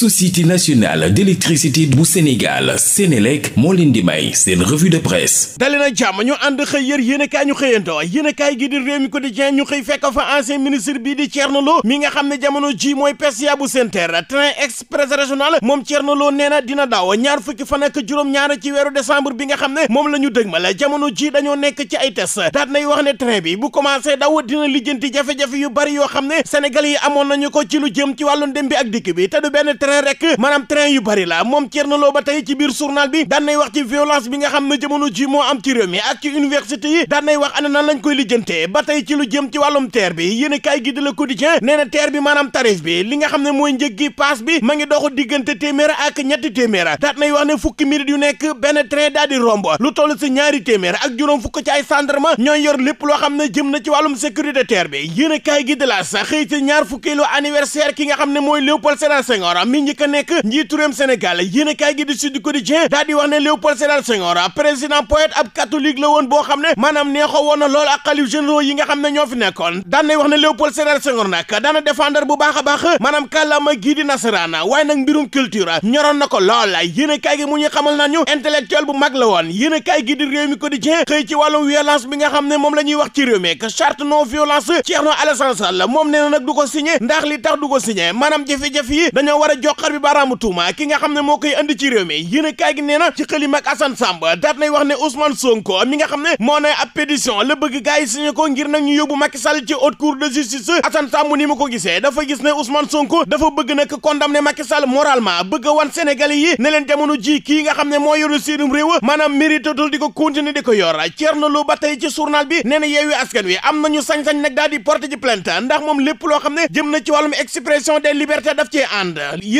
société nationale d'électricité bu Sénégal Sénélec moo leen di may seen revue de presse dali na jàmm ñu ànd xëy yër yéenekaay ñu xëyantoo yéenekaay gi di Rewmi Quotidien ñu xëy fekk fa ancien mi nga xam ne jamono ji mooy PCA bu SENTER train express régional moom Thierno nee na dina daaw ñaar fukki fa ak juróom-ñaar ci weeru décembre bi nga xam ne moom la ñu dëgmal jamono ji dañoo nekk ci ay test daat nay wax ne train bi bu commencé daw dina lijjanti jafe-jafe yu bari yoo xam ne Sénégal yi amoon nañu ko ci lu jëm ci wàllu dem ak dikk train rek maanaam train yu bari la moom Thierno Lo ba tey ci biir journal bi daan nay wax ci violence bi nga xam ne jamono ji moo am ci réew mi ak ci université yi daan nay wax ana nan lañ koy lijjantee ba tey ci lu jëm ci wàllum teer bi yéen kaay gi di Le Quotidien nee na bi maanaam tarif li nga xam ne mooy njëg gi bi ma ngi doxu diggante téeméer ak ñetti téeméer daan nay wax ne fukki minute yu nekk benn train daal di romb lu toll ñaari téeméer ak juróom fukk ci ay gendarme ñooy yor lépp loo xam ne jëm na ci wàllum sécurité bi yéen gi di la sax xëy ci ñaar ki nga xam ne mooy Léopold Sédar Senghor mi fi njëkk a nekk njiitu Sénégal yéen a kaay gi di Sud Quotidien daal di wax ne Léopold Sédar Senghor président poète ab catholique la woon boo xam ne maanaam neexoo woon na lool ak xalif généraux yi nga xam wax ne Léopold Sédar Senghor nag daana défendre bu baax a baax maanaam kàllaama gii di nasaraana waaye nag mbirum culture ñoroon na ko lool yéen a gi mu ñuy xamal na ñu bu mag la woon yéen a kaay gi di réew mi ko signé ndax a joxar bi baaraamu tuuma ki xam ne moo koy andi ci réew mi yéen kaay gi nee na ci xëlim ak Assane Samb wax ne Ousmane Sonko mi nga xam ne moo ne ab la bëgg gars yi signé ko ngir nag ñu yóbbu Macky Sall ci haute cour de justice Assane Samb ni mu ko gisee dafa gis ne Ousmane Sonko dafa bëgg nag condamné Macky Sall moralement bëgg wan Sénégalais yi ne leen jamono ji kii nga xam ne moo yoru seenum réew maanaam méritatul di ko continuer di ko yor Thierno Lo ba tey ci journal bi loo xam ne jëm na ci wàllum expression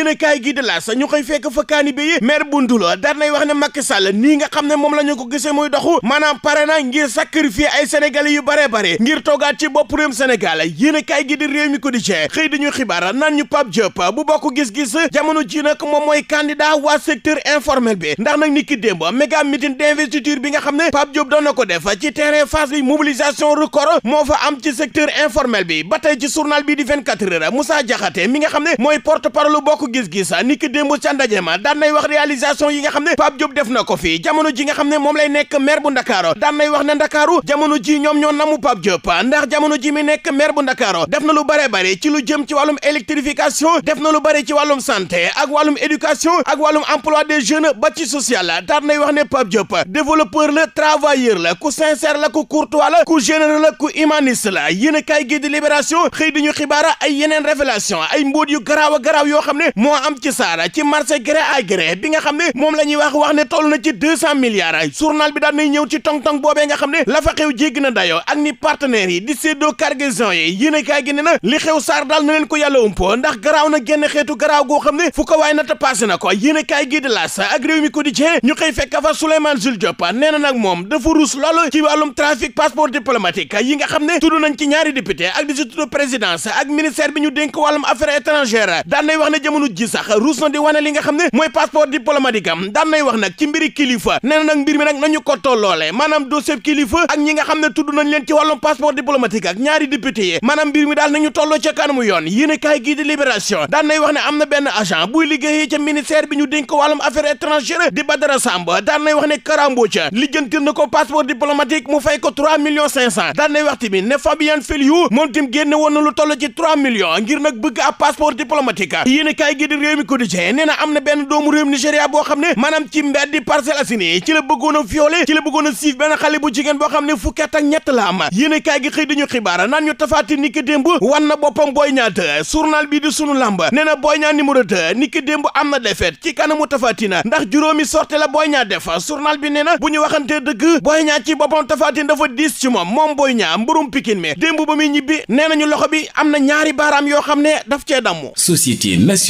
yéen a kaay gi la sa ñu koy fekk fa kaani bi maire Boundoula daan nay wax ne Macky sal nii nga xam ne moom la ñu ko gisee muy doxu maanaam pare na ngir sacrifier ay sénégalais yu bare bare ngir toogaat ci bopp réewum Sénégal yéen a kaay gi di réew mi ko di jee xëy dañu xibaar naan ñu Pape Diop bu bokk gis-gis jamono ji nag moom mooy candidat waa secteur informel bi ndax nag ni ki démb méga meeting d'investiture bi nga xam ne Pape Diop doon na ko def ci terrain Fass bi mobilisation record moo am ci secteur informel bi tey ci journal bi di 24 heures Moussa Diakhaté mi nga xam ne mooy porte-parole bokk bokk gis-gis ni ki démb ca ndaje ma daan wax réalisation yi nga xam ne Pape Diop def na ko fii jamono ji nga xam ne moom lay nekk maire bu Ndakaaru daan nay wax ne Ndakaaru jamono ji ñoom ñoo namu Pape Diop ndax jamono ji mi nekk maire bu Ndakaaru def na lu bare bare ci lu jëm ci wàllum électrification def na lu bare ci wàllum santé ak wàllum éducation ak wàllum emploi des jeunes ba ci social daan nay wax ne Pape Diop développeur la travailleur la ku sincère la ku courtois la ku la ku humaniste la yéen a kaay gi di libération xëy di ay yeneen révélation ay mbóot yu a moo am ci saara ci marché gré à bi nga xam ne moom la ñuy wax wax ne toll na ci deux cent milliards ay journal bi daan nay ñëw ci tong-tong boobee nga xam ne la fa xew jéggi na dayoo ak ni partenaires yi di séddoo cargaison yi yéene kaay gi ne na li xew saar daal na leen ko yàlla umpo ndax garaaw na genn xeetu garaaw goo xam ne fu ko waaye nata passé na ko yéene kaay gi di laas ak réew mi quotidien ñu xëy fekk fa Souleymane Jules Diop nee na nag moom dafa ruus loolu ne tudd nañ ci ñaari député ak di ak ministère bi ñu dénk wàllum affaires jamono ji sax na di wane li nga xam ne mooy passeport diplomatique am daan nay wax nag ci mbiri kilifa nee na nag mbir mi nag nañu ko tolloole maanaam dossier kilifa ak ñi nga xam ne tudd nañ leen ci wàllum passeport diplomatique ak ñaari député yi maanaam mbir mi daal nañu tolloo ca kanamu yoon yéen a kaay gii di libération daan nay wax ne am na benn agent buy liggéeyee ca ministère bi ñu dénk wàllum affaires étrangères di Badara Samba daan nay wax ne karambo ca lijjantil na ko passeport diplomatique mu fay ko trois millions cinq cent daan nay wax tamit ne Fabien Feliu moom tim génne woon na lu toll ci trois millions ngir nag bëgg ab a kaay kaay gi am na benn doomu réew Nigéria ne maanaam ci a violé ci la bëggoon a siif benn xale bu boo xam ne fukki at ak ñett la am a kaay gi xëy na boppam Boy Niang te journal bi di sunu làmb nee juróomi sorte la Boy Niang def bi nee na bu ñu waxantee dëgg Boy Niang ci boppam tafaati dafa diis ci moom moom Boy Niang mburum Pikine mi démb ba muy ñibbi nee nañu loxo bi am na ñaari baaraam yoo xam ne daf cee damm